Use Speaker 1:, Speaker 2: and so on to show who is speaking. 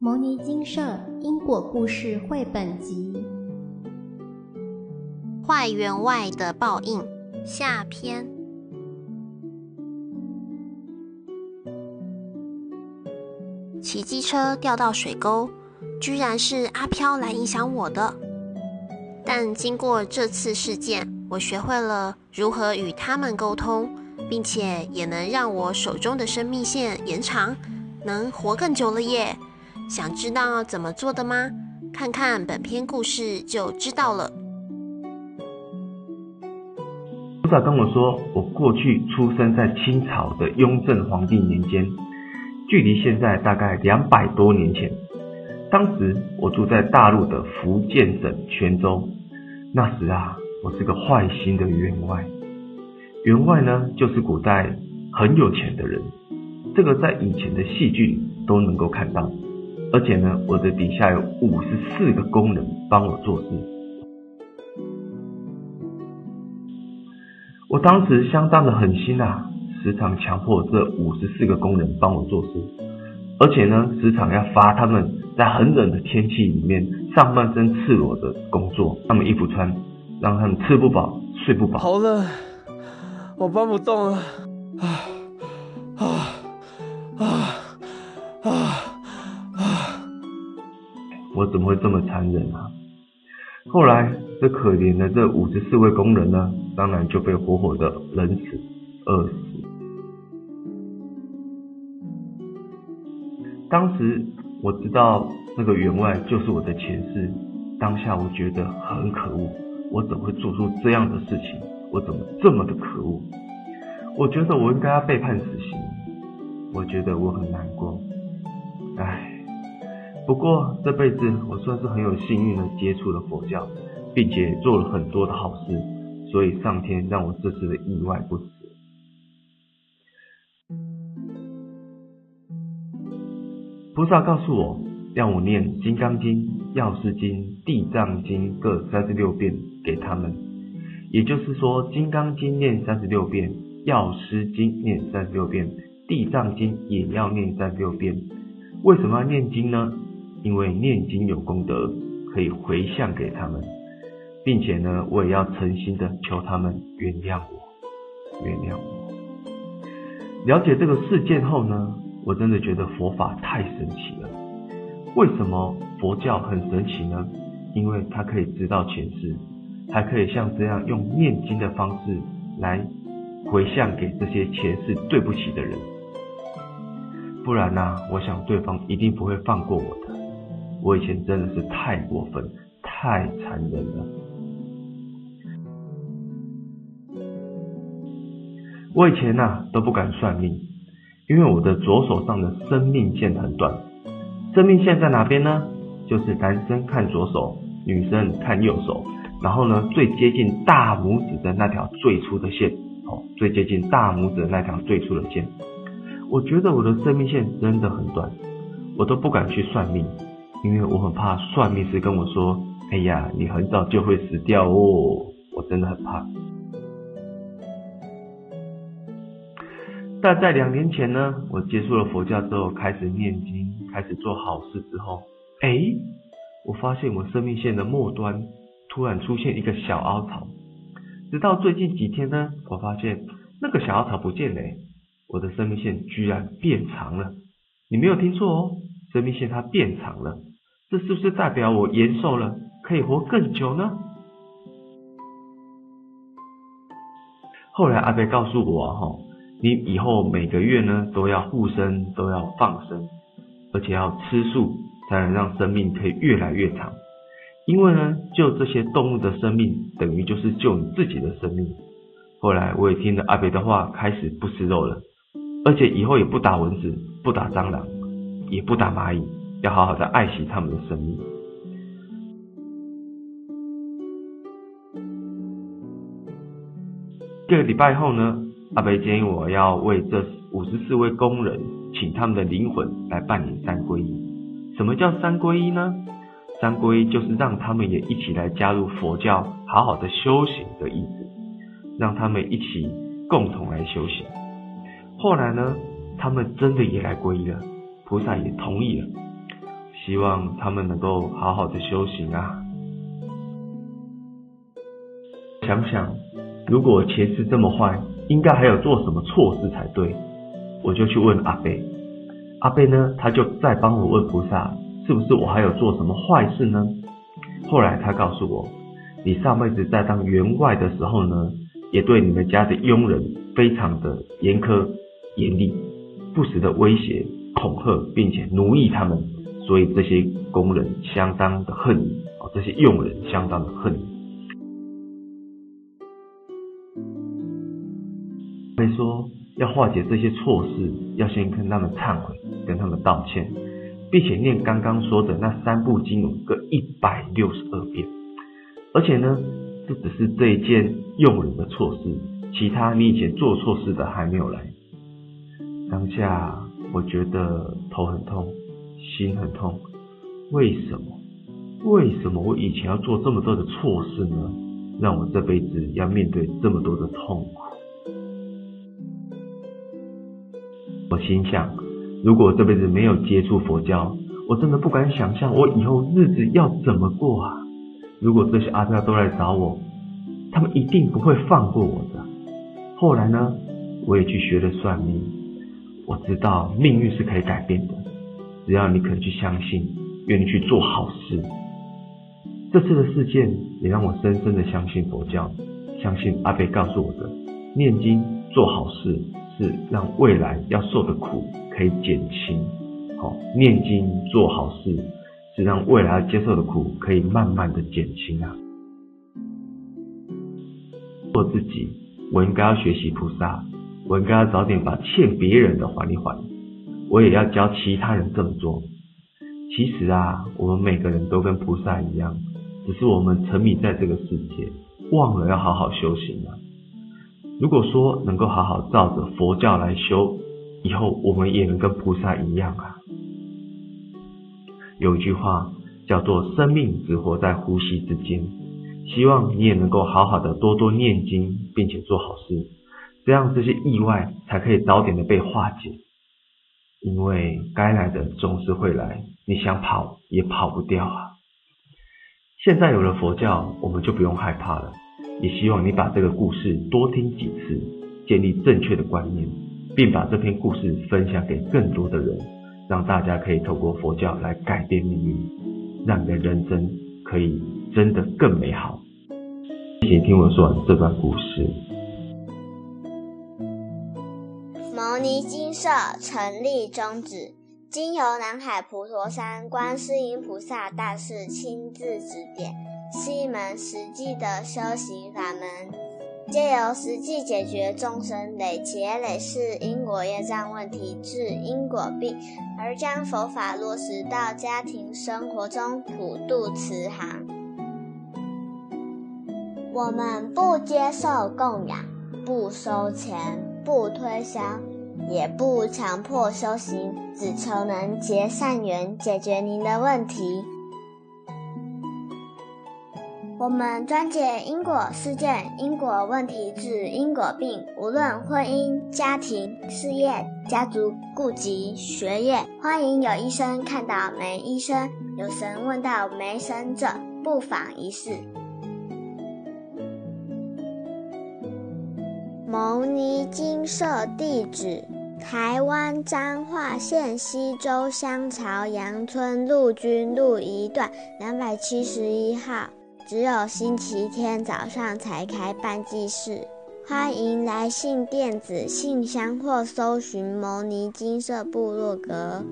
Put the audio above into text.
Speaker 1: 《牟尼精舍因果故事繪本集》壞員外的報應下篇。騎機車掉到水溝，居然是阿飄來影響我的。但經過這次事件，我學會了如何與他們溝通，並且也能讓我手中的生命線延長，能活更久了耶！想知道怎麼做的嗎？看看本篇故事就知道了。
Speaker 2: 他跟我說，我過去出生在清朝的雍正皇帝年間，距離現在大概兩百多年前。當時我住在大陸的福建省泉州。那時啊，我是個壞心的員外。員外呢，就是古代很有錢的人。這個在以前的戲劇都能夠看到。而且呢，我的底下有五十四個工人幫我做事。我當時相當的狠心啊，時常強迫這五十四個工人幫我做事，而且呢，時常要罰他們在很冷的天氣裡面上半身赤裸的工作，他們衣服穿，讓他們吃不飽睡不飽。好
Speaker 1: 冷，我搬不動了。啊啊啊！
Speaker 2: 我怎麼會這麼殘忍呢啊？後來，這可憐的這五十四位工人呢，當然就被活活的冷死、餓死。當時我知道那個員外就是我的前世，當下我覺得很可惡，我怎麼會做出這樣的事情？我怎麼這麼的可惡？我覺得我應該要被判死刑。我覺得我很難過，唉。不過這輩子我算是很有幸運的接觸了佛教，並且做了很多的好事，所以上天讓我這次的意外不死。菩薩告訴我，讓我念《金剛經》《藥師經》《地藏經》各三十六遍給他們。也就是說，《金剛經》念三十六遍，《藥師經》念三十六遍，《地藏經》也要念三十六遍。為什麼要念經呢？因為念經有功德，可以回向給他們，並且呢，我也要誠心的求他們原諒我，原諒我。了解這個事件後呢，我真的覺得佛法太神奇了。為什麼佛教很神奇呢？因為它可以知道前世，還可以像這樣用念經的方式來回向給這些前世對不起的人。不然呢、啊，我想對方一定不會放過我的。我以前真的是太過分、太殘忍了。我以前吶、啊、都不敢算命，因為我的左手上的生命線很短。生命線在哪邊呢？就是男生看左手，女生看右手，然後呢，最接近大拇指的那條最粗的線，哦，最接近大拇指的那條最粗的線。我覺得我的生命線真的很短，我都不敢去算命。因為我很怕算命師跟我說：“哎呀，你很早就會死掉哦！”我真的很怕。但在兩年前呢，我接觸了佛教之後，開始念經，開始做好事之後，哎、欸，我發現我生命線的末端突然出現一個小凹槽。直到最近幾天呢，我發現那個小凹槽不見了、欸、我的生命線居然變長了。你沒有聽錯哦，生命線它變長了。這是不是代表我延壽了，可以活更久呢？後來阿伯告訴我，吼，你以後每個月呢都要護生，都要放生，而且要吃素，才能讓生命可以越來越長。因為呢，救這些動物的生命，等於就是救你自己的生命。後來我也聽了阿伯的話，開始不吃肉了，而且以後也不打蚊子，不打蟑螂，也不打螞蟻。要好好的愛惜他們的生命。這個禮拜後呢，阿伯建議我要為這五十四位工人請他們的靈魂來辦理三皈依。什麼叫三皈依呢？三皈依就是讓他們也一起來加入佛教，好好的修行的意思，讓他們一起共同來修行。後來呢，他們真的也來皈依了，菩薩也同意了。希望他們能夠好好的修行啊！想想，如果前世這麼壞，應該還有做什麼錯事才對。我就去問阿伯，阿伯呢，他就再幫我問菩薩，是不是我還有做什麼壞事呢？後來他告訴我，你上輩子在當員外的時候呢，也對你們家的傭人非常的嚴苛、嚴厲，不時的威脅、恐嚇，並且奴役他們。所以這些工人相當的恨你，啊，這些傭人相當的恨你。所以說要化解這些錯事，要先跟他們懺悔，跟他們道歉，並且念剛剛說的那三部經，各一百六十二遍。而且呢，這只是這一件傭人的錯事，其他你以前做錯事的還沒有來。當下我覺得頭很痛。心很痛，為什麼？為什麼我以前要做這麼多的錯事呢？讓我這輩子要面對這麼多的痛苦。我心想，如果我這輩子沒有接觸佛教，我真的不敢想象，我以後日子要怎麼過啊！如果這些阿飄都來找我，他們一定不會放過我的。後來呢，我也去學了算命，我知道命運是可以改變的。只要你肯去相信，願意去做好事，這次的事件也讓我深深的相信佛教，相信阿培告訴我的，念經做好事是讓未來要受的苦可以減輕，好、哦，念經做好事是讓未來要接受的苦可以慢慢的減輕啊。做自己，我應該要學習菩薩，我應該要早點把欠別人的還一還。我也要教其他人這麼做。其實啊，我們每個人都跟菩薩一樣，只是我們沉迷在這個世界，忘了要好好修行了。如果說能夠好好照着佛教來修，以後我們也能跟菩薩一樣啊。有一句話叫做“生命只活在呼吸之間”，希望你也能夠好好的多多念經，並且做好事，這樣這些意外才可以早點的被化解。因為該來的總是會來，你想跑也跑不掉啊！現在有了佛教，我們就不用害怕了。也希望你把這個故事多聽幾次，建立正確的觀念，並把這篇故事分享給更多的人，讓大家可以透過佛教來改變命運，讓你的人生可以真的更美好。請聽我說完這段故事。
Speaker 1: 精舍成立宗旨，經由南海普陀山觀世音菩薩大士親自指點，是一門實際的修行法門，藉由實際解決眾生累劫累世因果業障問題，治因果病，而將佛法落實到家庭生活中，普度慈航。我們不接受供養，不收錢，不推銷。也不強迫修行，只求能結善緣，解決您的問題。 我們專解因果事件、因果問題、治因果病，無論婚姻、家庭、事業、家族、痼疾、學業，歡迎有醫生看到沒醫生，有神問到沒神者，不妨一試。 牟尼精舍地址。台灣彰化縣溪州鄉朝陽村陸軍路一段兩百七十一號，只有星期天早上才開辦祭事，歡迎來信電子信箱或搜尋“牟尼金色部落格”。